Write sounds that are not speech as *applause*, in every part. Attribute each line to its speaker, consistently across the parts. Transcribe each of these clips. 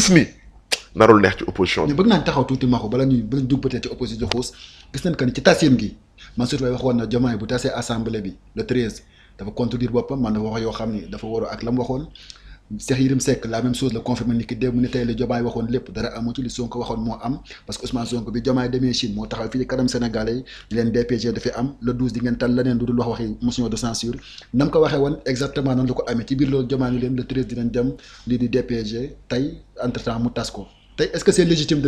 Speaker 1: gis ni narul neex ci opposition bi. bëgg
Speaker 2: naa taxaw tuuti Maodo bala ñuy bala ñu ci opposition xuus gis nañ que ni ci tasim gi Mansour Faye waxoon na Diomaye bu tasee assemblée bi le treize dafa contredire boppam man dafa wax yoo xam ni dafa waroo ak la mu waxoon Cheikh Yérim Seck la même chose la confirmé ni ki démb mu ne tey la Diomaye waxoon lépp dara amu ci li Sonko waxoon moo am parce que Ousmane Sonko bi Diomaye demee Chine moo taxaw fii kanam Sénégalais yi leen DPG dafay am le 12 di ngeen tal leneen lu dul wax waxi motion de censure na ko waxee woon exactement noonu la ko amee ci biir loolu Diomaye ni leen le 13 dinañ dem lii di DPG tey entre temps mu tas ko tey est-ce que c'est légitime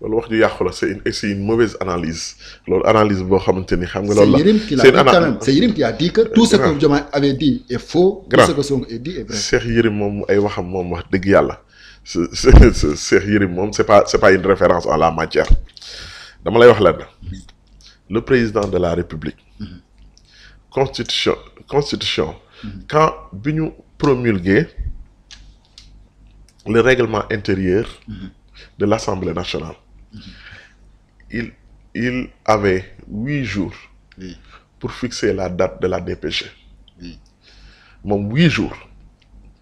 Speaker 1: loolu wax ju yàqu la c'est une c'est mauvaise analyse loolu analyse boo xamante ni xam nga loolu la. c'est Yérim
Speaker 2: a dit que tout ce
Speaker 1: moom ay waxam moom wax dëgg yàlla Cheikh Yérim moom c'est pas c'est pas une référence en la matière dama lay wax lenn le président de la République. Mm-hmm. constitution constitution. Mm-hmm. quand bi ñu promulguer le règlement intérieur. Mm-hmm. de l'Assemblée nationale. Il, il avait huit jours oui. pour fixer la date de la DPG. Oui. moom huit jours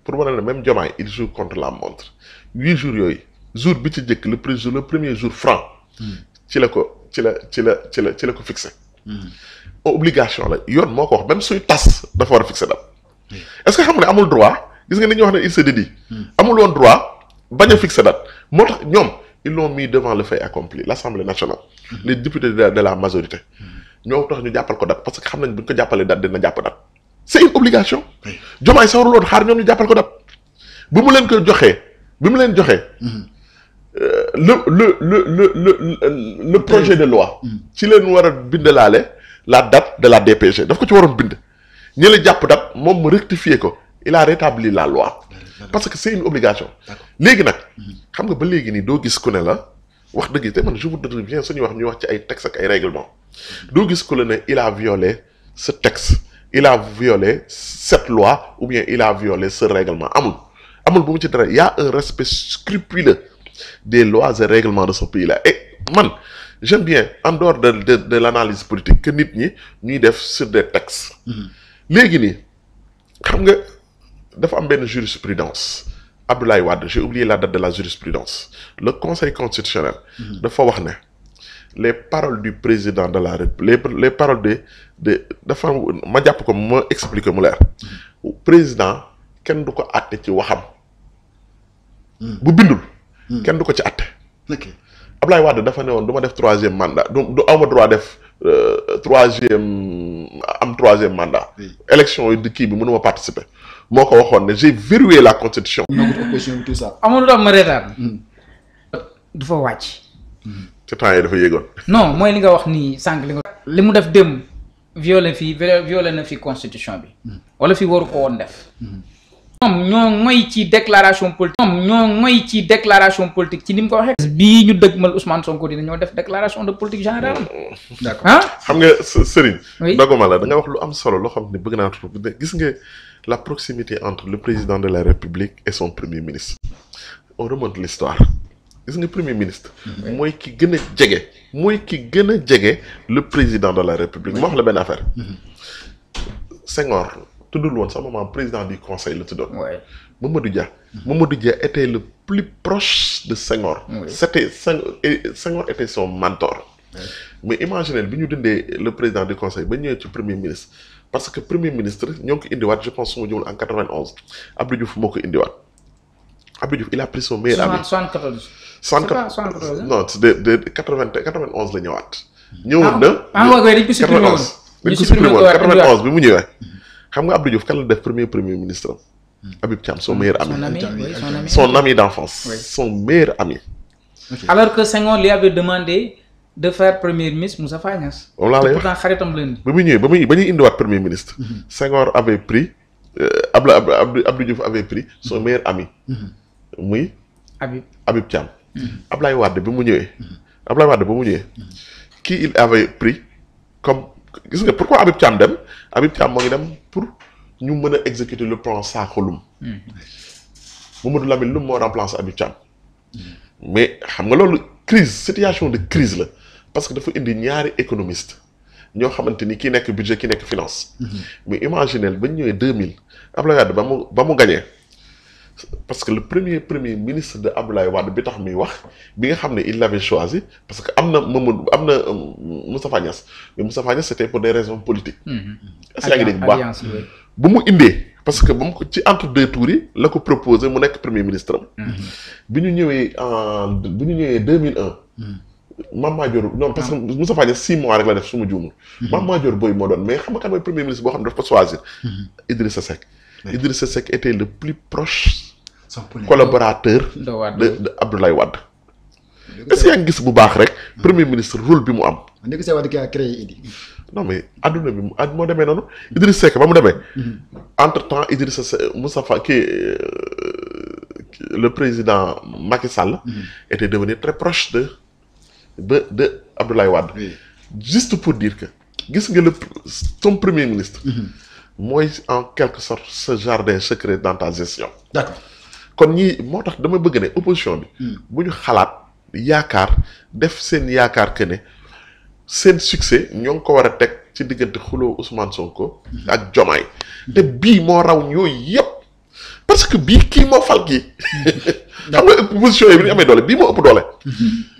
Speaker 1: pour ma ne la même Diomaye il joue contre la montre huit jours yooyu jour bi ci njëkk le pré le premier jour franc. ci la ko ci la ci la ci la ci la ko fixé. Mm-hmm. obligation la yoon moo ko wax même suy tas dafa war a fixé date. est-ce que xam nga ne amul droit gis nga ni ñuy wax ne il se dédie. Mm. amul woon droit. bañ a fixé date moo tax ñoom ils l'ont mis devant le fait accompli l'Assemblée nationale. Mm-hmm. les députés de la de la majorité. Mm-hmm. ñoo tax ñu jàppal ko date parce que xam nañ bu ñu ko jàppalee date dina jàpp date. c'est une obligation. jomaay sa waruloon xaar ñoom ñu ko date. bu mu leen ko joxee bi mu leen joxee. Mm-hmm. Euh, le ci leen war a bind laale la date de la DPG daf ko ci waroon bind. ñi jàpp date moom mu rectifier ko. il a rétabli la loi parce que c'est une obligation léegi nag mhm. xam nga ba léegi nii doo gis ku ne la wax dëgg te man je voudrais bien suñuy wax ñuy wax ci ay textes ak ay règlement mhm. doo gis ku la ne il a violé ce texte il a violé cette loi ou bien il a violé ce règlement amul amul bu mu ci dara y a un respect scrupuleux des lois et règlements de ce pays là et man j'aime bien en dehors de de de l'analyse politique que nit ñi ñuy def sur des textes mhm. léegi nii xam nga dafa am benn jurisprudence Abdoulaye Wade j'ai oublié la date de la jurisprudence le conseil constitutionnel. Mhm. dafa wax ne les paroles du président de la République les les paroles de de dafa ma jàpp ko ma expliquer mu leer. Mhm. président kenn du ko àtte ci waxam. Mhm. bu bindul. kenn du ko ci àtte. ok Abdoulaye Wade dafa ne woon du ma def troisième mandat du du aw ma droit def euh, troisième am troisième mandat. élection yi kii bi mënuma participer. moo ko waxoon ne j'ai verrouillé la constitution. opposition bi tout ça.
Speaker 2: amul na ma hmm. du fa wàcc. ci
Speaker 1: hmm. temps yi dafa yéegoon.
Speaker 2: non mooy li nga wax nii sànq li nga. li mu def dem violé fii violé na fi constitution bi. Hmm. wala fi waru ko woon def. ñoom ñoo moy ci déclaration politique ñoom ñoo moy ci déclaration politique ci ni mu ko waxee bii ñu dëgmal Ousmane Sonko dina ñoo def déclaration de politique générale
Speaker 1: d'accord ah xam nga Serigne doguma la da nga wax lu am solo loo xam ne bëgg naa gis nga la proximité entre le président de la République et son premier ministre on remonte l'histoire gis nga premier ministre mooy ki gën jege mooy ki gën a jege le président de la République moo wax la benn affaire mhm. Senghor tuddul woon sax maman président du conseil la tuddoon. waaye Mamadou Dia. mais imaginez bi ñu dindee le président du conseil ba ñëwee ci premier ministre. parce que premier ministre ñoo ngi ko indiwaat je pense su ma jëmul en 91 Abdou Diouf moo ko indiwaat Abdou la ñëwaat. Ah, ñëwoon na. bi mu ñëwee. xam nga Abdou Diouf kan la def premier premier ministre am. Hmm. Habib Thiam son meilleur ami. son ami son ami son meilleur ami.
Speaker 2: alors que Senghor lui avait demandé de faire premier ministre Moustapha Niasse. moom laa lay wax la indi.
Speaker 1: ba muy ñëwee ba muy ba ñuy indiwaat premier ministre. Hmm. Senghor avait pris euh, Abla Abdou Abdou Diouf hmm. mu ñëwee. Ablaye Wade ba mu ñëwee. kii il avait pris comme. gis nga pourquoi Habib Thiam dem Habib Thiam moo ngi dem pour ñu mën a exécuter le plan Sakho-Loum. Mamadou Lamine Loum moo remplacé Habib Thiam. mais xam nga loolu crise situation de crise la parce que dafa indi ñaari économiste ñoo xamante ni kii nekk budget ki nekk finance. mu mhm. mais ba ñu ñëwee deux mille Abdoulaye Wade ba mu ba mu gagné. parce que le premier premier ministre de Abdoulaye Wade bi tax muy wax bi nga xam ne il l'avait choisi parce que am na Mamadou am na euh, Moustapha Niass mais Moustapha Niass c'était pour des raisons politiques. Mm-hmm. est-ce bu mu indee. parce que ba mu ko ci entre deux tours yi la ko proposé mu nekk premier ministre mm-hmm. bi ñu ñëwee en bi ñu ñëwee deux mille un. Mm-hmm. Mame Madior non parce que Moustapha Niass six mois rek la def su ma juumul. Mame Madior Boye moo doon mais xam nga kan mooy premier ministre boo xam ne dafa ko choisir. Idrissa Seck. Idrissa Seck était le plus proche
Speaker 2: collaborateur de
Speaker 1: de Abdoulaye Wade est-ce que yaa ngi gis bu baax rek hmm. premier ministre rôle bi mu am non mais adduna bi mu moo demee noonu Idrissa Seck ba mu demee hmm. entre temps Idrissa Seck Moustapha kii euh, le président Macky Sall hmm. était devenu très proche de de de Abdoulaye Wade juste pour dire que gis nga le ton premier ministre mooy en quelque sorte ce jardin secret dans ta gestion. kon ñii moo tax dama bëgg ne opposition bi. Hmm. bu ñu xalaat yaakaar def seen yaakaar que ne seen succès ñoo ngi ko war a teg ci diggante xuloo Ousmane Sonko. Hmm. ak Diomaye. te hmm. bii moo raw yooyu yëpp. parce que bii kii moo fal kii. *laughs* xam nga position yi bi ñu amee doole bii moo ëpp doole.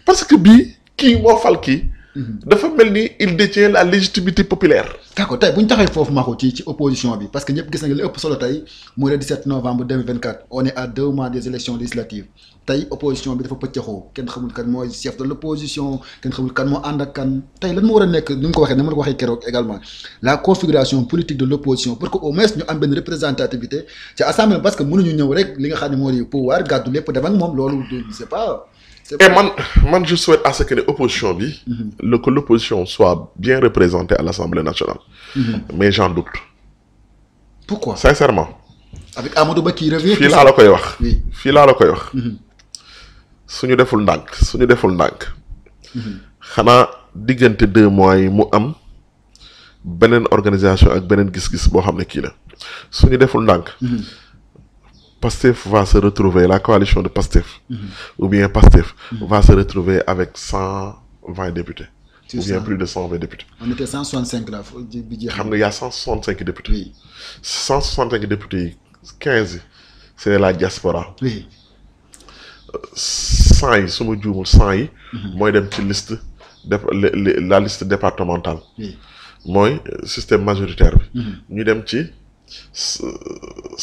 Speaker 1: parce
Speaker 2: que bii kii moo fal kii. Mhm. dafa mel ni il détient la légitimité populaire. d'accord tey bu ñu taxee foofu Makhou ci ci opposition bi parce que ñëpp gis nañu li ëpp solo tey mooy le novembre 2024 on est à deux mois des élections législatives tey opposition bi dafa pëccëxoo kenn xamul kan mooy chef de l'opposition kenn xamul kan moo ànd ak kan tey lan moo war a nekk ni mu ko waxee ni ma la waxee keroog également la configuration politique de l'opposition pour que au et man man
Speaker 1: je souhaite a ce que ne opposition bi. Mm-hmm. le que l'opposition soit bien représentée à l'Assemblée nationale. Mm-hmm. mais j'en doute. pourquoi sincèrement.
Speaker 2: avec Amadou Ba qui fii laa la koy wax.
Speaker 1: fii laa la koy wax. suñu deful ndànk suñu deful ndànk. Mm-hmm. xanaa diggante deux mois yi mu am beneen organisation ak beneen gis-gis boo xam ne kii la suñu deful ndànk. PASTEF va se retrouver la coalition de PASTEF mhm. ou bien PASTEF mm -hmm. va se retrouver avec cent vingt députés ou bien plus de cent vingt députés
Speaker 2: on était cent soixante cinq xam nga
Speaker 1: y a cent soixante cinq députés yi quinze c'est la diaspora oui cent yi su ma juumul cent yi mhm. mooy dem ci liste la liste départementale oui. mooy système majoritaire bi mhm. ñu dem ci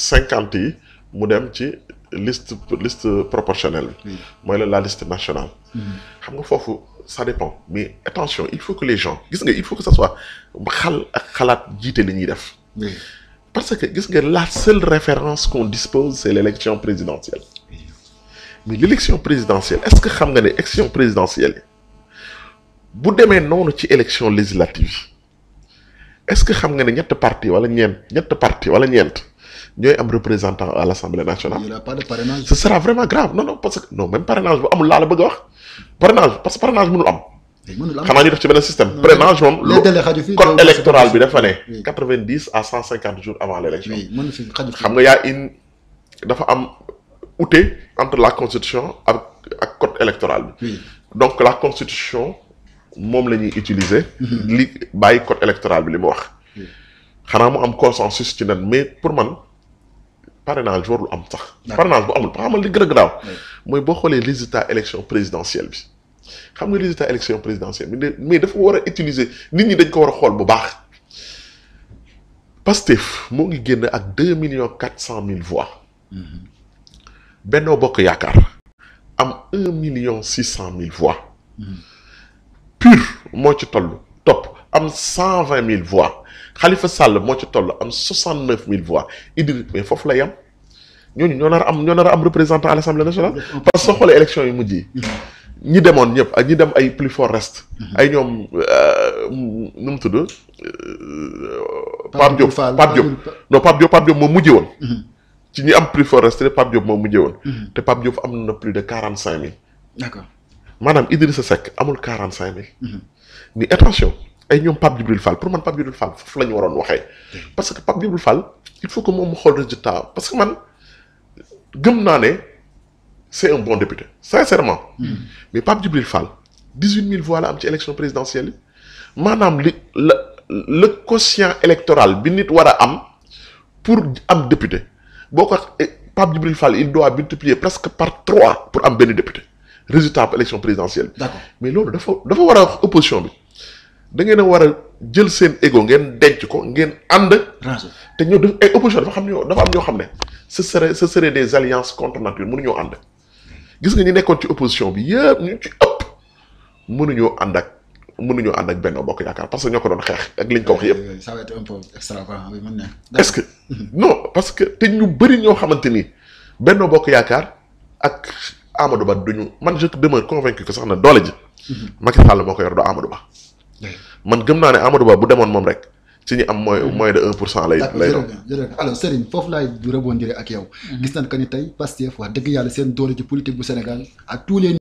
Speaker 1: cinquante yi mu dem ci liste liste proportionnelle bi. Hmm. mooy la la liste nationale. Hmm. xam nga foofu ça dépend mais attention il faut que les gens gis nga il faut que ça soit xal ak xalaat jiite li ñuy def. parce que gis nga la seule référence qu'on dispose c'est l'élection présidentielle. mais l'élection présidentielle est-ce que xam nga ne élection présidentielle bu demee noonu ci élection législative est-ce que xam nga ne ñett parti wala ñeent ñett parti wala ñeent. ñooy am représentant à l' assemblée nationale. il n'y aura
Speaker 2: pas de parrainage.
Speaker 1: ce sera vraiment grave non non parce bu amul laa la bëgg a wax parrainage parce que am. dafa xam nga yaa in dafa am ute entre la constitution ak ak code électoral bi. donc la constitution. moom la ñuy utiliser. Mhm. li bàyyi code électoral bi li mu wax. xanaa mu am consensus ci nan mais pour man. parrainage warul am sax. parrainage bu amul ba xamal li gën a garaaw. mooy boo xoolee résultat élection présidentielle bi xam nga résultat élection présidentielle bi mais dafa war a utiliser nit ñi dañ ko war a xool bu baax. Pastef moo ngi génn ak deux millions quatre cent mille voix. Mm-hmm. Benno Bokk Yaakaar am un million six cent mille voix. Mm-hmm. Pur moo ci toll topp. am cent vingt mille voix xalifa Sall moo ci toll am soixante neuf mille voix Idriss mais foofu la yam ñooñu ñoo nar a am ñoo nar am représentant à l' assemblée nationale. parce que soo xoolee élection yu mujj yi. ñi demoon ñëpp ak ñi dem ay plus fort ay ñoom euh, nu mu tudd. Euh, Pape Diop Pape Diop non Pape Diop Pape Diop woon. Mhm. ci ñi am plus for reste Pape Diop moom mujjee woon. Mhm. te Pape Diop am na plus de quarante cinq mille. d' accord maanaam Idrissa Seck amul quarante cinq mille. ni mhm. attention. ay ñoom Pape Djibril Fall pour man Pape Djibril Fall foofu la waroon waxee. parce que Pape Djibril Fall il faut que moom mu xool résultat parce que man gëm naa ne c' est un bon député sincèrement. Mm. mais Pape Djibril Fall dix huit mille voix la am ci élection présidentielle yi maanaam li la le quotient électoral bi nit war a am pour am député boo ko eh, Pape Djibril Fall il doit multiplier presque par trois pour am benn député résultat bu élection présidentielle. d' mais loolu dafa dafa war a wax bi. da ngeen a war a jël seen ego ngeen denc ko ngeen ànd. te ñoo def ay opposition dafa xam ñoo dafa am ñoo xam ne ce serait ce serait des alliances contre nature mënuñoo ànd. gis nga ñi nekkoon ci opposition bi yëpp ñu ci ëpp mënuñoo ànd ak mënuñoo ànd ak Benno Bokk Yaakaar parce que ñoo ko doon xeex ak liñ ko wax
Speaker 2: yëpp. ça va
Speaker 1: *laughs* parce que te ñu bëri ñoo xamante ni Benno Bokk Yaakaar ak Amadou Ba duñu man je demeure convaincu que sax na doole ji. Mhm. Macky Sall moo ko yor doo Amadou man gëm naa ne Amadou Ba bu demoon moom rek ci ñu am mooy mm-hmm. moins de un pour cent lay lay doon
Speaker 2: jërëjëf alors Serigne foofu laay rebondir ak yow mm-hmm. gis nañ que ni tey Pastef wax dëgg yàlla seen doole ci politique bu Sénégal à tous les